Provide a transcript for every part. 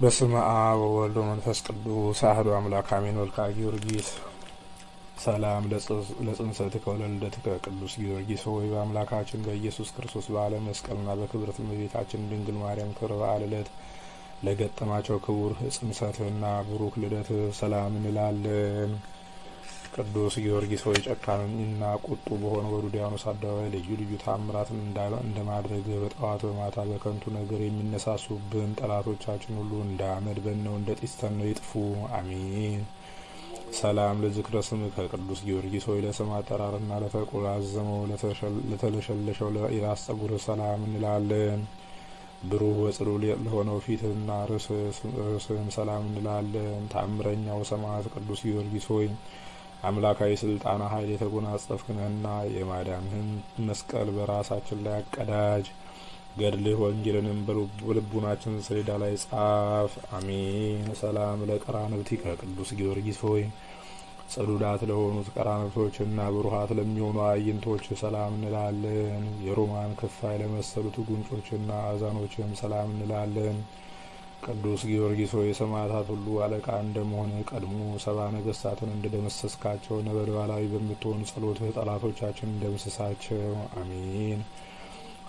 በስመ አብ ወወልድ ወመንፈስ ቅዱስ አሐዱ አምላክ አሜን። መልክዓ ጊዮርጊስ ሰላም ለጽንሰትከ ወለልደትከ ቅዱስ ጊዮርጊስ ሆይ በአምላካችን በኢየሱስ ክርስቶስ በዓለ መስቀልና በክብርት እመቤታችን ድንግል ማርያም ክብረ በዓል ዕለት ለገጠማቸው ክቡር ጽንሰትና ብሩክ ልደት ሰላም እንላለን። ቅዱስ ጊዮርጊስ ሆይ ጨካኝና ቁጡ በሆነ በዱዲያኖስ አደባባይ ልዩ ልዩ ታምራትን እንደማድረግ በጠዋት በማታ በከንቱ ነገር የሚነሳሱብን ጠላቶቻችን ሁሉ እንደ አመድ በነው እንደ ይጥፉ። አሚን። ሰላም ለዝክረ ስም ከቅዱስ ጊዮርጊስ ሆይ ለስም አጠራርና ለተቆላዘመው ለተለሸለሸው የራስ ጸጉር ሰላም እንላለን። ብሩህ ወጽሩ ለሆነው ፊትና ርስህም ሰላም እንላለን። ታምረኛው ሰማዕት ቅዱስ ጊዮርጊስ ሆይ አምላካዊ ስልጣና ኃይል የተጎናጸፍክንህና የማዳንህን መስቀል በራሳችን ላይ አቀዳጅ። ገድልህ ወንጌልንም በልቡናችን ሰሌዳ ላይ ጻፍ። አሜን። ሰላም ለቀራንብቲከ ቅዱስ ጊዮርጊስ ሆይ ጽዱዳት ለሆኑት ቀራንብቶችና ብሩሃት ለሚሆኑ አይንቶች ሰላም እንላለን። የሮማን ክፋይ ለመሰሉት ጉንጮችና አዛኖችም ሰላም እንላለን። ቅዱስ ጊዮርጊስ ሆይ የሰማዕታት ሁሉ አለቃ እንደመሆነ ቀድሞ ሰባ ነገስታትን እንደደመሰስካቸው ነበልባላዊ በምትሆን ጸሎትህ ጠላቶቻችን እንደምስሳቸው። አሜን።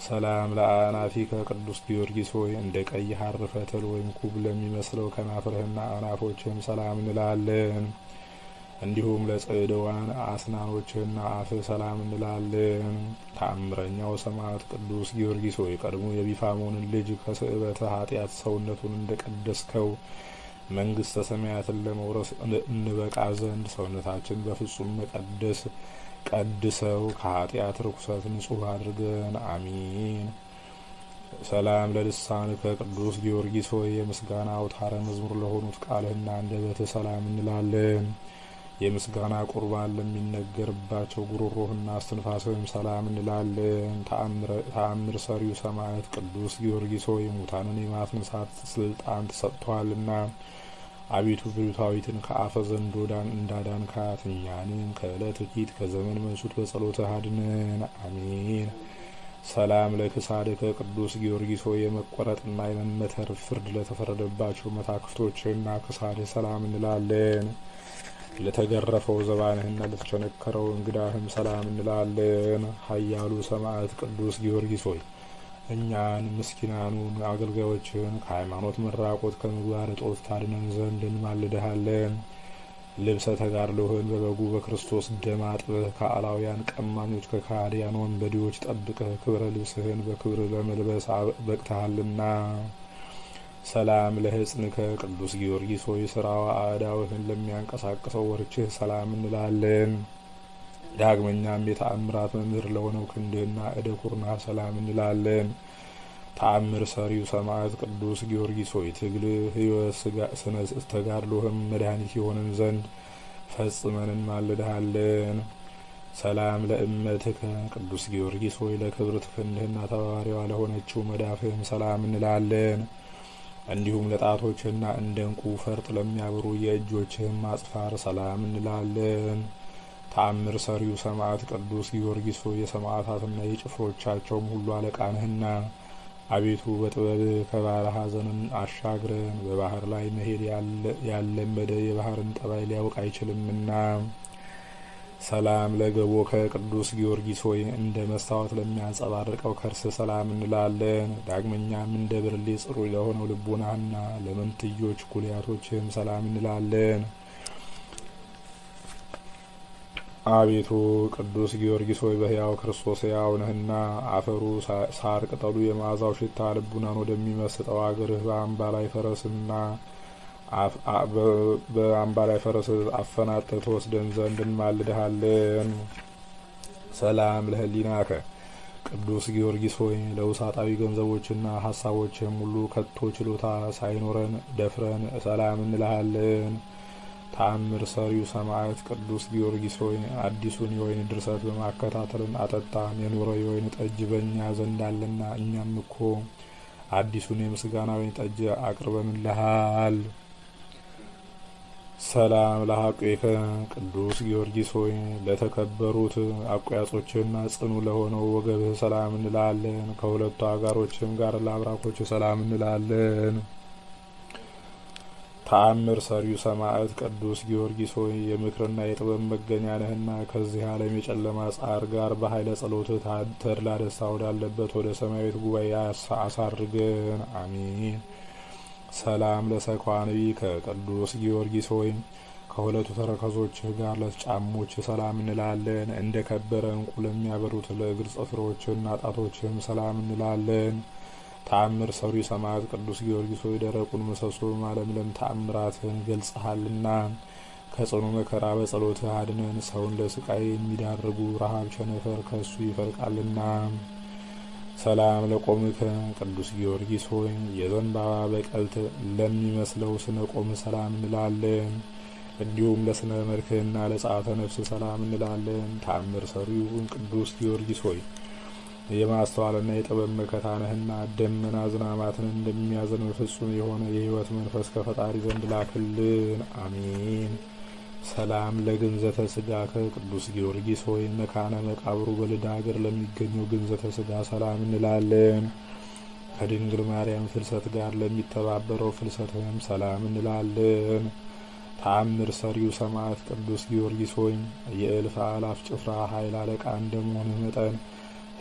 ሰላም ለአናፊከ ቅዱስ ጊዮርጊስ ሆይ እንደ ቀይ ሐር ፈትል ወይም ኩብ ለሚመስለው ከናፍርህና አናፎችህም ሰላም እንላለን። እንዲሁም ለጽድዋን አስናኖችና አፈ ሰላም እንላለን። ታምረኛው ሰማዕት ቅዱስ ጊዮርጊስ ሆይ ቀድሞ የቢፋሞንን ልጅ ከስዕበተ ኃጢአት ሰውነቱን እንደ ቀደስከው መንግስተ ሰማያትን ለመውረስ እንበቃ ዘንድ ሰውነታችን በፍጹም መቀደስ ቀድሰው ከኃጢአት ርኩሰት ንጹህ አድርገን አሚን። ሰላም ለልሳን ከቅዱስ ጊዮርጊስ ሆይ የምስጋና አውታረ መዝሙር ለሆኑት ቃልህና በተ ሰላም እንላለን። የምስጋና ቁርባን ለሚነገርባቸው ጉሮሮህና አስትንፋስህም ሰላም እንላለን። ተአምር ሰሪው ሰማያት ቅዱስ ጊዮርጊስ ሆይ ሙታንን የማስነሳት ስልጣን ተሰጥቷልና አቤቱ ብሉታዊትን ከአፈ ዘንዶ እንዳዳንካት እኛንም ከእለት ፊት ከዘመን መንሱት በጸሎት አድነን፣ አሜን። ሰላም ለክሳድከ ቅዱስ ጊዮርጊስ ሆይ የመቆረጥና የመመተር ፍርድ ለተፈረደባቸው መታክፍቶችና ክሳድህ ሰላም እንላለን። ለተገረፈው ዘባንህና ለተቸነከረው እንግዳህም ሰላም እንላለን። ኃያሉ ሰማዕት ቅዱስ ጊዮርጊስ ሆይ እኛን ምስኪናኑን አገልጋዮችን ከሃይማኖት መራቆት ከምግባር እጦት ታድነን ዘንድ እንማልድሃለን። ልብሰ ተጋድሎህን በበጉ በክርስቶስ ደም አጥበህ ከአላውያን ቀማኞች ከካህዲያን ወንበዴዎች ጠብቀህ ክብረ ልብስህን በክብር ለመልበስ በቅተሃልና ሰላም ለሕጽንከ ቅዱስ ጊዮርጊስ ሆይ ስራዋ አእዳውህን ለሚያንቀሳቅሰው ወርችህ ሰላም እንላለን። ዳግመኛም የተአምራት መምህር ለሆነው ክንድህና እደ ኩርና ሰላም እንላለን። ተአምር ሰሪው ሰማዕት ቅዱስ ጊዮርጊስ ሆይ ትግል ህይወት ስነ ተጋድሎህም መድኃኒት የሆነን ዘንድ ፈጽመን እንማልድሃለን። ሰላም ለእመትከ ቅዱስ ጊዮርጊስ ሆይ ለክብርት ክንድህና ተባባሪዋ ለሆነችው መዳፍህም ሰላም እንላለን። እንዲሁም ለጣቶችና እንደ እንቁ ፈርጥ ለሚያበሩ የእጆችህም ማጽፋር ሰላም እንላለን። ተአምር ሰሪው ሰማዕት ቅዱስ ጊዮርጊስ ሆይ የሰማዕታትና የጭፍሮቻቸውም ሁሉ አለቃ ነህና አቤቱ በጥበብ ከባህር ሐዘንን አሻግረን በባህር ላይ መሄድ ያለመደ የባህርን ጠባይ ሊያውቅ አይችልምና ሰላም ለገቦከ ቅዱስ ጊዮርጊስ ሆይ እንደ መስታወት ለሚያንጸባርቀው ከርስ ሰላም እንላለን። ዳግመኛም እንደ ብርሌ ጽሩ ለሆነው ልቡናና ለመንትዮች ኩልያቶችም ሰላም እንላለን። አቤቱ ቅዱስ ጊዮርጊስ ሆይ በሕያው ክርስቶስ ሕያው ነህና አፈሩ ሳር ቅጠሉ የመዓዛው ሽታ ልቡናን ወደሚመስጠው አገርህ በአምባ ላይ ፈረስና ላይ ፈረስ አፈናጠት ወስደን ዘንድ እንማልድሃለን። ሰላም ለህሊናከ ቅዱስ ጊዮርጊስ ሆይ ለውሳጣዊ ገንዘቦችና ሀሳቦችም ሁሉ ከቶ ችሎታ ሳይኖረን ደፍረን ሰላም እንልሃለን። ተአምር ሰሪው ሰማዕት ቅዱስ ጊዮርጊስ ሆይ አዲሱን የወይን ድርሰት በማከታተልን አጠጣን የኖረ የወይን ጠጅ በእኛ ዘንድ አለና እኛም እኮ አዲሱን የምስጋና ወይን ጠጅ አቅርበንልሃል። ሰላም ለሐቄከ ቅዱስ ጊዮርጊስ ሆይ ለተከበሩት አቋያጾችና ጽኑ ለሆነው ወገብህ ሰላም እንላለን። ከሁለቱ አጋሮችም ጋር ለአብራኮች ሰላም እንላለን። ተአምር ሰሪው ሰማዕት ቅዱስ ጊዮርጊስ ሆይ የምክርና የጥበብ መገኛ ነህና ከዚህ ዓለም የጨለማ ጻር ጋር በኃይለ ጸሎት ተድላ ደስታ ወዳለበት ወደ ሰማያዊት ጉባኤ አሳርገን። አሚን ሰላም ለሰኳንቢ ከቅዱስ ጊዮርጊስ ወይም ከሁለቱ ተረከዞችህ ጋር ለጫሞች ሰላም እንላለን። እንደ ከበረ እንቁ ለሚያበሩት ለእግር ጽፍሮችና ጣቶችህም ሰላም እንላለን። ተአምር ሰሪ ሰማዕት ቅዱስ ጊዮርጊስ ሆይ ደረቁን ምሰሶ ማለምለም ተአምራትህን ገልጸሃልና ከጽኑ መከራ በጸሎትህ አድነን። ሰውን ለስቃይ የሚዳርጉ ረሃብ ቸነፈር ከእሱ ይፈልቃልና ሰላም ለቆምከ ቅዱስ ጊዮርጊስ ሆይ የዘንባባ በቀልት ለሚመስለው ስነ ቆም ሰላም እንላለን። እንዲሁም ለስነ መልክህና ለጸአተ ነፍስ ሰላም እንላለን። ታምር ሰሪውን ቅዱስ ጊዮርጊስ ሆይ የማስተዋልና የጥበብ መከታነህና ደመና ዝናባትን እንደሚያዘን ፍጹም የሆነ የህይወት መንፈስ ከፈጣሪ ዘንድ ላክልን። አሜን። ሰላም ለግንዘተ ስጋ ከቅዱስ ጊዮርጊስ ሆይ መካነ መቃብሩ በልዳ ሀገር ለሚገኘው ግንዘተ ስጋ ሰላም እንላለን። ከድንግል ማርያም ፍልሰት ጋር ለሚተባበረው ፍልሰትም ሰላም እንላለን። ተአምር ሰሪው ሰማዕት ቅዱስ ጊዮርጊስ ሆይ የእልፍ አላፍ ጭፍራ ኃይል አለቃ እንደመሆነ መጠን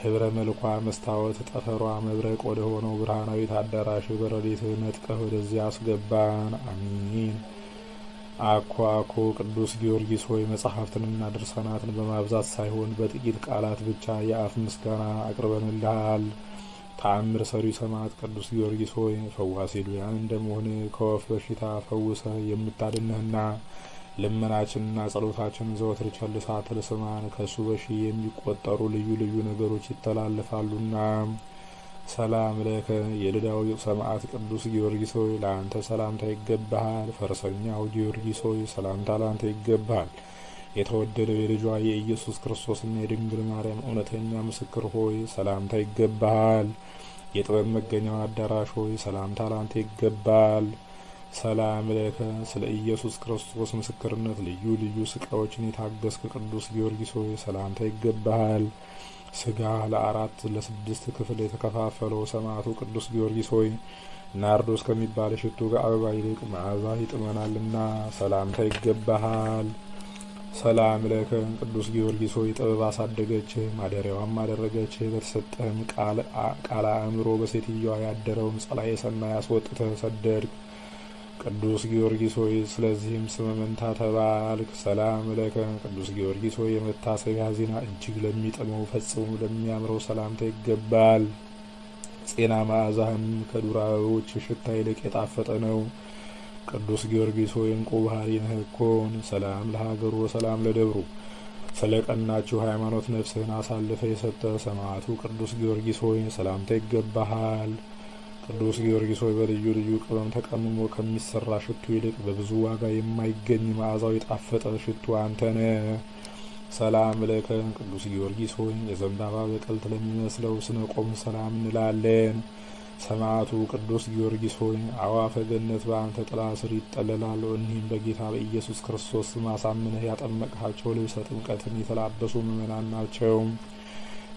ህብረ መልኳ መስታወት ጠፈሯ መብረቅ ወደ ሆነው ብርሃናዊት አዳራሽ በረዴትህ ነጥቀህ ወደዚያ አስገባን። አሚን አኮ ቅዱስ ጊዮርጊስ ሆይ መጽሐፍትንና ድርሳናትን በማብዛት ሳይሆን በጥቂት ቃላት ብቻ የአፍ ምስጋና አቅርበንልሃል። ተአምር ሰሪ ሰማዕት ቅዱስ ጊዮርጊስ ሆይ ፈዋሴ ዱያን እንደመሆን ከወፍ በሽታ ፈውሰ የምታድንህና ልመናችንና ጸሎታችን ዘወትር ቸልሳ አትሰማን። ከሱ በሺ የሚቆጠሩ ልዩ ልዩ ነገሮች ይተላለፋሉና ሰላም ለከ የልዳው ሰማዕት ቅዱስ ጊዮርጊስ ሆይ ለአንተ ሰላምታ ይገባሃል። ፈረሰኛው ጊዮርጊስ ሆይ ሰላምታ ላንተ ይገባሃል። የተወደደው የልጇ የኢየሱስ ክርስቶስና የድንግል ማርያም እውነተኛ ምስክር ሆይ ሰላምታ ይገባሃል። የጥበብ መገኛው አዳራሽ ሆይ ሰላምታ ላንተ ይገባል። ሰላም ለከ ስለ ኢየሱስ ክርስቶስ ምስክርነት ልዩ ልዩ ስቃዮችን የታገስክ ቅዱስ ጊዮርጊስ ሆይ ሰላምታ ይገባሃል። ስጋ ለአራት ለስድስት ክፍል የተከፋፈለው ሰማዕቱ ቅዱስ ጊዮርጊስ ሆይ ናርዶስ ከሚባል ሽቱ ከአበባ ይልቅ ይጥመናል ይጥመናልና ሰላምታ ይገባሃል። ሰላም ለከ ቅዱስ ጊዮርጊስ ሆይ ጥበብ አሳደገች ማደሪያዋም አደረገች። በተሰጠህም ቃል አእምሮ በሴትዮዋ ያደረውን ጸላኤ ሰናይ አስወጥተ ሰደድክ። ቅዱስ ጊዮርጊስ ሆይ ስለዚህም ስመ መንታ ተባልክ። ሰላም ለከ ቅዱስ ጊዮርጊስ ሆይ የመታሰቢያ ዜና እጅግ ለሚጥመው ፈጽሞ ለሚያምረው ሰላምታ ይገባል። ጤና መዓዛህም ከዱር አበቦች ሽታ ይልቅ የጣፈጠ ነው። ቅዱስ ጊዮርጊስ ሆይ እንቁ ባህሪ ነህ እኮን። ሰላም ለሀገሩ ሰላም ለደብሩ ስለ ቀናችሁ ሃይማኖት ነፍስህን አሳልፈ የሰጠ ሰማዕቱ ቅዱስ ጊዮርጊስ ሆይ ሰላምታ ይገባሃል። ቅዱስ ጊዮርጊስ ሆይ በልዩ ልዩ ቅመም ተቀምሞ ከሚሰራ ሽቱ ይልቅ በብዙ ዋጋ የማይገኝ መዓዛው የጣፈጠ ሽቱ አንተ ሰላም ለከ ቅዱስ ጊዮርጊስ ሆይ የዘንባባ በቀልት ለሚመስለው ስነ ቆም ሰላም እንላለን። ሰማዕቱ ቅዱስ ጊዮርጊስ ሆይ አዋፈ ገነት በአንተ ጥላ ስር ይጠለላሉ። እኒህም በጌታ በኢየሱስ ክርስቶስ ስም አሳምነህ ያጠመቅሃቸው ልብሰ ጥምቀትን የተላበሱ ምእመናን ናቸው።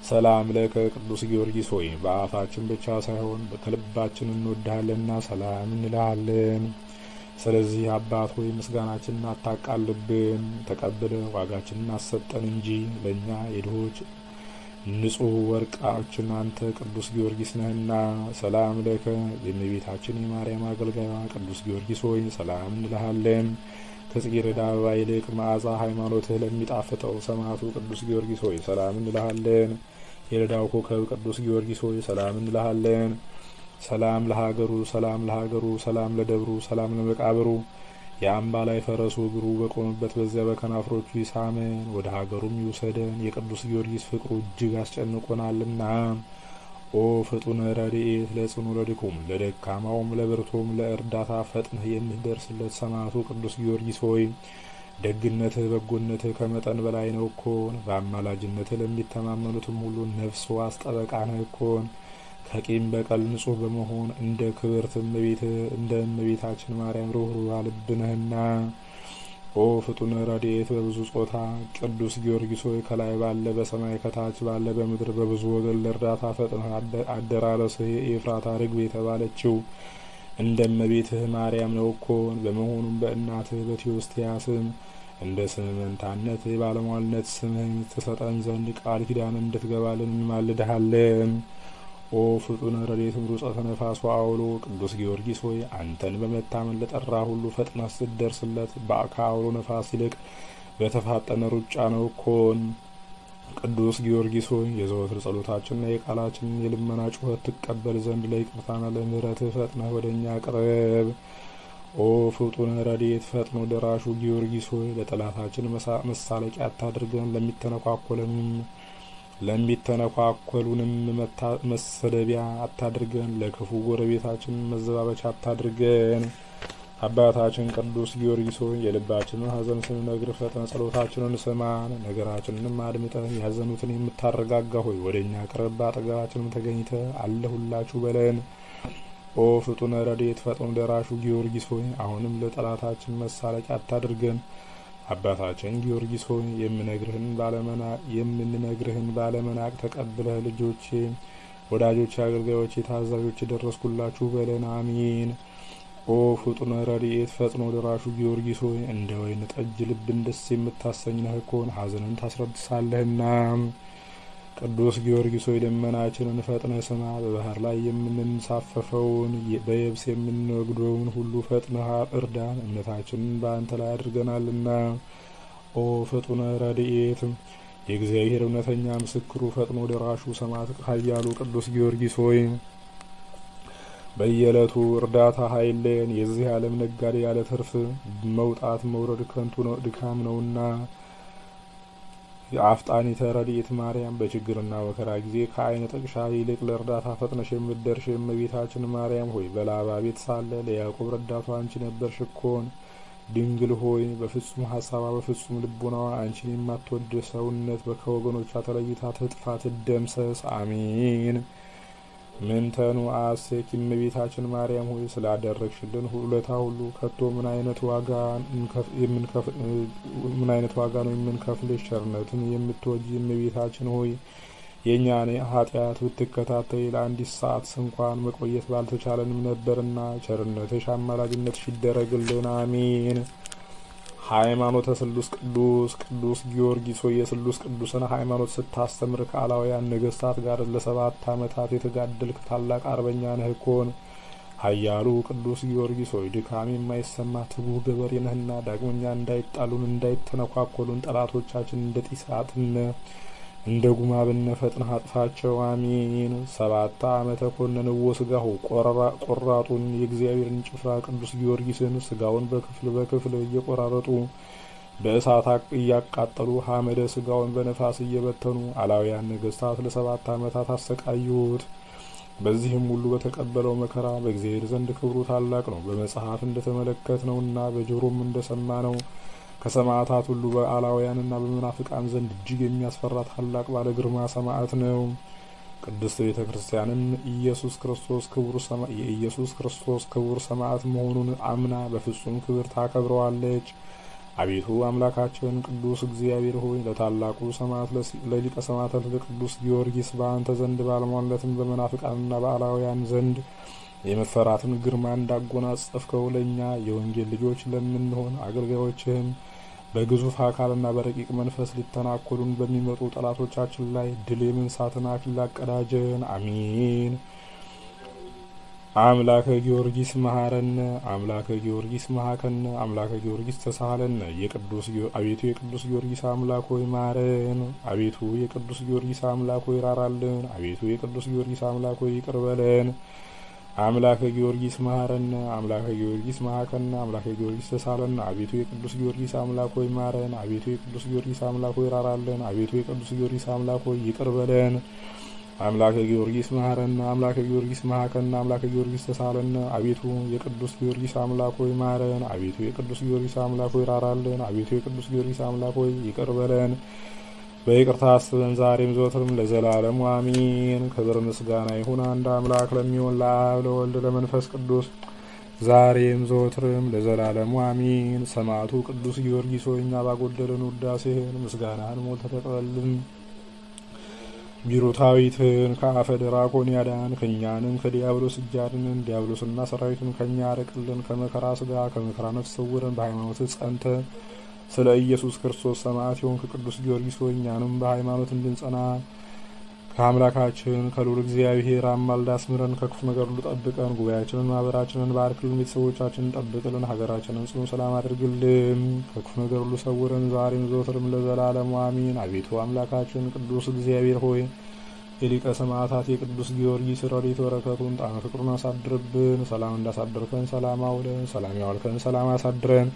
ሰላም ለከ ቅዱስ ጊዮርጊስ ሆይ በአፋችን ብቻ ሳይሆን ከልባችን እንወድሃለንና ሰላም እንልሃለን። ስለዚህ አባት ሆይ ምስጋናችንን አታቃልብን፣ ተቀብለ ዋጋችንን አሰጠን እንጂ ለእኛ የድሆች ንጹህ ወርቃችን አንተ ቅዱስ ጊዮርጊስ ነህና። ሰላም ለከ የእመቤታችን የማርያም አገልጋይዋ ቅዱስ ጊዮርጊስ ሆይ ሰላም እንልሃለን። ከጽጌረዳ አበባ ይልቅ መዓዛ ሃይማኖትህ ለሚጣፍጠው ሰማዕቱ ቅዱስ ጊዮርጊስ ሆይ ሰላም እንልሃለን። የረዳው ኮከብ ቅዱስ ጊዮርጊስ ሆይ ሰላም እንልሃለን። ሰላም ለሀገሩ፣ ሰላም ለሀገሩ፣ ሰላም ለደብሩ፣ ሰላም ለመቃብሩ የአምባ ላይ ፈረሱ እግሩ በቆመበት በዚያ በከናፍሮቹ ይሳመን፣ ወደ ሀገሩም ይውሰደን። የቅዱስ ጊዮርጊስ ፍቅሩ እጅግ አስጨንቆናልና ኦ ፍጡነ ረድኤት ለጽኑ ለድኩም ለደካማውም ለብርቱም ለእርዳታ ፈጥነህ የምትደርስለት ሰማዕቱ ቅዱስ ጊዮርጊስ ሆይ ደግነትህ በጎነትህ ከመጠን በላይ ነው እኮን። በአማላጅነትህ ለሚተማመኑትም ሁሉ ነፍስ ዋስ ጠበቃ ነህ እኮን። ከቂም በቀል ንጹህ በመሆን እንደ ክብርት እመቤትህ እንደ እመቤታችን ማርያም ሩህሩህ ልብ ነህና ኦ ፍጡነ ረድኤት በብዙ ጾታ ቅዱስ ጊዮርጊስ ሆይ ከላይ ባለ በሰማይ ከታች ባለ በምድር በብዙ ወገን ለእርዳታ ፈጥነ አደራረስህ የኤፍራታ ርግብ የተባለችው እንደ እመቤትህ ማርያም ነው እኮ። በመሆኑም በእናትህ በቴዎስቲያ ስም እንደ ስምመንታነት የባለሟልነት ስምህን ትሰጠን ዘንድ ቃል ኪዳን እንድትገባልን እንማልድሃለን። ኦ ፍጡነ ረድኤትም ሩፀ ነፋስ አውሎ ቅዱስ ጊዮርጊስ ሆይ አንተን በመታመን ለጠራ ሁሉ ፈጥነ ስትደርስለት ከአውሎ ነፋስ ይልቅ በተፋጠነ ሩጫ ነው ኮን። ቅዱስ ጊዮርጊስ ሆይ የዘወትር ጸሎታችንና የቃላችንን የልመና ጩኸት ትቀበል ዘንድ ለይቅርታና ለምህረት ፈጥነ ወደ እኛ ቅረብ። ኦ ፍጡነ ረድኤት ፈጥኖ ደራሹ ጊዮርጊስ ሆይ ለጠላታችን መሳለቂያ አታድርገን፣ ለሚተነኳኮለንም ለሚተነኳኮሉንም መሰደቢያ አታድርገን፣ ለክፉ ጎረቤታችን መዘባበቻ አታድርገን። አባታችን ቅዱስ ጊዮርጊስ ሆይ የልባችንን ሐዘን ስንነግር ፈጠን፣ ጸሎታችንን ስማን፣ ነገራችንንም አድምጠን ያዘኑትን የምታረጋጋ ሆይ ወደ እኛ ቅርብ፣ አጠገባችንም ተገኝተ አለሁላችሁ በለን። ኦ ፍጡነ ረድኤት ፈጥኖ ደራሹ ጊዮርጊስ ሆይ አሁንም ለጠላታችን መሳለቂያ አታድርገን። አባታችን ጊዮርጊስ ሆይ የምነግርህን ባለመናቅ የምንነግርህን ባለመናቅ ተቀብለህ ልጆቼ፣ ወዳጆቼ፣ አገልጋዮቼ፣ ታዛዦች ደረስኩላችሁ በለን። አሜን። ኦ ፍጡነ ረድኤት ፈጥኖ ደራሹ ጊዮርጊስ ሆይ እንደ ወይን ጠጅ ልብን ደስ የምታሰኝ ነህ እኮን ሀዘንን ታስረድሳለህና ቅዱስ ጊዮርጊስ ሆይ ልመናችንን ፈጥነህ ስማ። በባህር ላይ የምንሳፈፈውን በየብስ የምንወግደውን ሁሉ ፈጥነህ እርዳን፣ እምነታችንን በአንተ ላይ አድርገናልና። ኦ ፍጡነ ረድኤት የእግዚአብሔር እውነተኛ ምስክሩ ፈጥኖ ደራሹ ሰማዕት ኃያሉ ቅዱስ ጊዮርጊስ ሆይ በየዕለቱ እርዳታ ኃይልን የዚህ ዓለም ነጋዴ ያለ ትርፍ መውጣት መውረድ ከንቱ ድካም ነውና የአፍጣኒ ረድኤት ማርያም በችግርና መከራ ጊዜ ከአይነ ጥቅሻ ይልቅ ለእርዳታ ፈጥነሽ የምትደርሽ የእመቤታችን ማርያም ሆይ በላባ ቤት ሳለ ለያዕቆብ ረዳቱ አንቺ ነበርሽ እኮን። ድንግል ሆይ በፍጹም ሀሳቧ በፍጹም ልቡናዋ አንቺን የማትወድ ሰውነት ከወገኖቿ ተለይታ ትጥፋ ትደምሰስ። አሜን። ምንተኑ አሴክ እመቤታችን ማርያም ሆይ ስላደረግሽልን ሁለታ ሁሉ ከቶ ምን አይነት ዋጋ ነው የምንከፍልሽ? ቸርነትን የምትወጂ እመቤታችን ሆይ የእኛን ኃጢአት ብትከታተይ ለአንዲት ሰዓት እንኳን መቆየት ባልተቻለንም ነበርና ቸርነትሽ አማላጅነትሽ ይደረግልን። አሜን። ሃይማኖተ ስሉስ ቅዱስ ቅዱስ ጊዮርጊስ ሆይ የስሉስ ቅዱስን ሃይማኖት ስታስተምር ከአላውያን ነገስታት ጋር ለሰባት ዓመታት የተጋደልክ ታላቅ አርበኛ ነህ ኮን ኃያሉ ቅዱስ ጊዮርጊስ ሆይ ድካም የማይሰማ ትጉህ ገበሬ ነህና ዳግመኛ እንዳይጣሉን እንዳይተነኳኮሉን ጠላቶቻችን እንደ ጢስ እንደ ጉማ ብነ ፈጥን አጥፋቸው። አሜን። ሰባት ዓመተ ኮነንዎ ስጋሁ ቆራጡን የእግዚአብሔርን ጭፍራ ቅዱስ ጊዮርጊስን ስጋውን በክፍል በክፍል እየቆራረጡ በእሳት እያቃጠሉ ሀመደ ስጋውን በነፋስ እየበተኑ አላውያን ነገስታት ለሰባት ዓመታት አሰቃዩት። በዚህም ሁሉ በተቀበለው መከራ በእግዚአብሔር ዘንድ ክብሩ ታላቅ ነው። በመጽሐፍ እንደተመለከት ነውና በጆሮም እንደሰማ ነው። ከሰማዕታት ሁሉ በአላውያንና በመናፍቃን ዘንድ እጅግ የሚያስፈራ ታላቅ ባለ ግርማ ሰማዕት ነው። ቅድስት ቤተ ክርስቲያንም ኢየሱስ ክርስቶስ ክቡር የኢየሱስ ክርስቶስ ክቡር ሰማዕት መሆኑን አምና በፍጹም ክብር ታከብረዋለች። አቤቱ አምላካችን ቅዱስ እግዚአብሔር ሆይ ለታላቁ ሰማዕት ለሊቀ ሰማዕታት ለቅዱስ ጊዮርጊስ በአንተ ዘንድ ባለሟለትም በመናፍቃንና በአላውያን ዘንድ የመፈራትን ግርማ እንዳጎናጸፍከው ለእኛ የወንጌል ልጆች ለምንሆን አገልጋዮችህም በግዙፍ አካልና በረቂቅ መንፈስ ሊተናኮሉን በሚመጡ ጠላቶቻችን ላይ ድል የመንሳትን አክሊል አቀዳጀን። አሚን። አምላከ ጊዮርጊስ መሐረነ፣ አምላከ ጊዮርጊስ መሐከነ፣ አምላከ ጊዮርጊስ ተሳሃለነ። የቅዱስ አቤቱ የቅዱስ ጊዮርጊስ አምላክ ሆይ ማረን። አቤቱ የቅዱስ ጊዮርጊስ አምላክ ሆይ ራራልን። አቤቱ የቅዱስ ጊዮርጊስ አምላክ ሆይ አምላከ ጊዮርጊስ መሐረነ፣ አምላከ ጊዮርጊስ መሐከነ፣ አምላከ ጊዮርጊስ ተሳለነ። አቤቱ የቅዱስ ጊዮርጊስ አምላክ ሆይ ማረን። አቤቱ የቅዱስ ጊዮርጊስ አምላክ ሆይ ራራለን። አቤቱ የቅዱስ ጊዮርጊስ አምላክ ሆይ ይቅር በለን። አምላከ ጊዮርጊስ መሐረነ፣ አምላከ ጊዮርጊስ መሐከነ፣ አምላከ ጊዮርጊስ ተሳለነ። አቤቱ የቅዱስ ጊዮርጊስ አምላክ ሆይ ማረን። አቤቱ የቅዱስ ጊዮርጊስ አምላክ ሆይ ራራለን። አቤቱ የቅዱስ ጊዮርጊስ አምላክ ሆይ ይቅር በለን። በይቅርታ አስበን ዛሬም ዘወትርም ለዘላለሙ አሚን። ክብር ምስጋና ይሁን አንድ አምላክ ለሚሆን ለአብ ለወልድ ለመንፈስ ቅዱስ ዛሬም ዘወትርም ለዘላለሙ አሚን። ሰማዕቱ ቅዱስ ጊዮርጊስ ሆይ እኛ ባጎደልን ውዳሴህን ምስጋናህን ሞልተህ ተቀበልን። ቢሩታዊትን ከአፈ ድራኮን ያዳን ከእኛንም ከዲያብሎስ እጅ አድነን። ዲያብሎስና ሰራዊቱን ከእኛ አርቅልን። ከመከራ ስጋ ከመከራ ነፍስ ሰውረን። በሃይማኖት ጸንተን ስለ ኢየሱስ ክርስቶስ ሰማዕት የሆንክ ቅዱስ ጊዮርጊስ ሆይ እኛንም በሃይማኖት እንድንጸና ከአምላካችን ከልዑል እግዚአብሔር አማልድ አስምረን፣ ከክፉ ነገር ሁሉ ጠብቀን፣ ጉባኤያችንን፣ ማህበራችንን ባርክልን፣ ቤተሰቦቻችንን ጠብቅልን፣ ሀገራችንን ጽኑ ሰላም አድርግልን፣ ከክፉ ነገር ሁሉ ሰውረን፣ ዛሬም ዘወትርም ለዘላለሙ አሚን። አቤቱ አምላካችን ቅዱስ እግዚአብሔር ሆይ የሊቀ ሰማዕታት የቅዱስ ጊዮርጊስ ረድኤት በረከቱን ጣና ፍቅሩን አሳድርብን። ሰላም እንዳሳደርከን ሰላም አውለን፣ ሰላም ያዋልከን ሰላም አሳድረን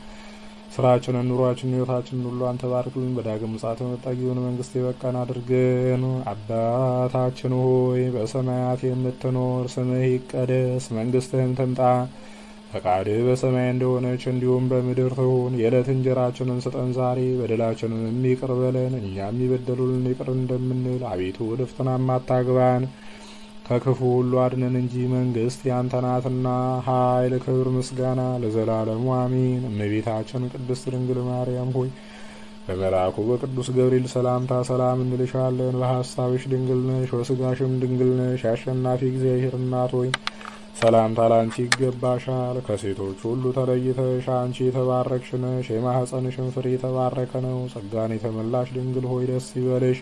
ስራችንን፣ ኑሯችንን፣ ህይወታችን ሁሉ አንተ ባርክልን። በዳግም ምጽአት በመጣ ጊዜ መንግስት የበቃን አድርገን። አባታችን ሆይ በሰማያት የምትኖር ስምህ ይቀደስ፣ መንግስትህን ትምጣ፣ ፈቃድህ በሰማይ እንደሆነች እንዲሁም በምድር ትሁን። የዕለት እንጀራችንን ስጠን ዛሬ፣ በደላችንን ይቅር በለን እኛም የበደሉንን ይቅር እንደምንል፣ አቤቱ ወደ ፈተና አታግባን ከክፉ ሁሉ አድነን እንጂ መንግስት ያንተ ናትና፣ ኃይል፣ ክብር፣ ምስጋና ለዘላለሙ አሚን። እመቤታችን ቅድስት ድንግል ማርያም ሆይ በመልአኩ በቅዱስ ገብርኤል ሰላምታ ሰላም እንልሻለን። በሀሳብሽ ድንግል ነሽ፣ በስጋሽም ድንግል ነሽ። አሸናፊ እግዚአብሔር እናት ሆይ ሰላምታ ላንቺ ይገባሻል። ከሴቶች ሁሉ ተለይተሽ አንቺ የተባረክሽ ነሽ፣ የማኅፀንሽን ፍሬ የተባረከ ነው። ጸጋን የተመላሽ ድንግል ሆይ ደስ ይበልሽ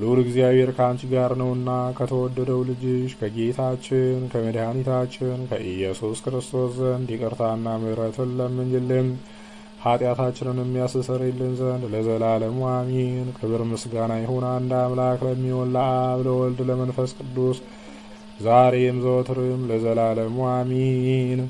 ልዑል እግዚአብሔር ከአንቺ ጋር ነውና ከተወደደው ልጅሽ ከጌታችን ከመድኃኒታችን ከኢየሱስ ክርስቶስ ዘንድ ይቅርታና ምሕረትን ለምኝልን ኃጢአታችንን የሚያስሰርይልን ዘንድ ለዘላለሙ አሚን። ክብር ምስጋና ይሁን አንድ አምላክ ለሚሆን ለአብ ለወልድ ለመንፈስ ቅዱስ ዛሬም ዘወትርም ለዘላለሙ አሚን።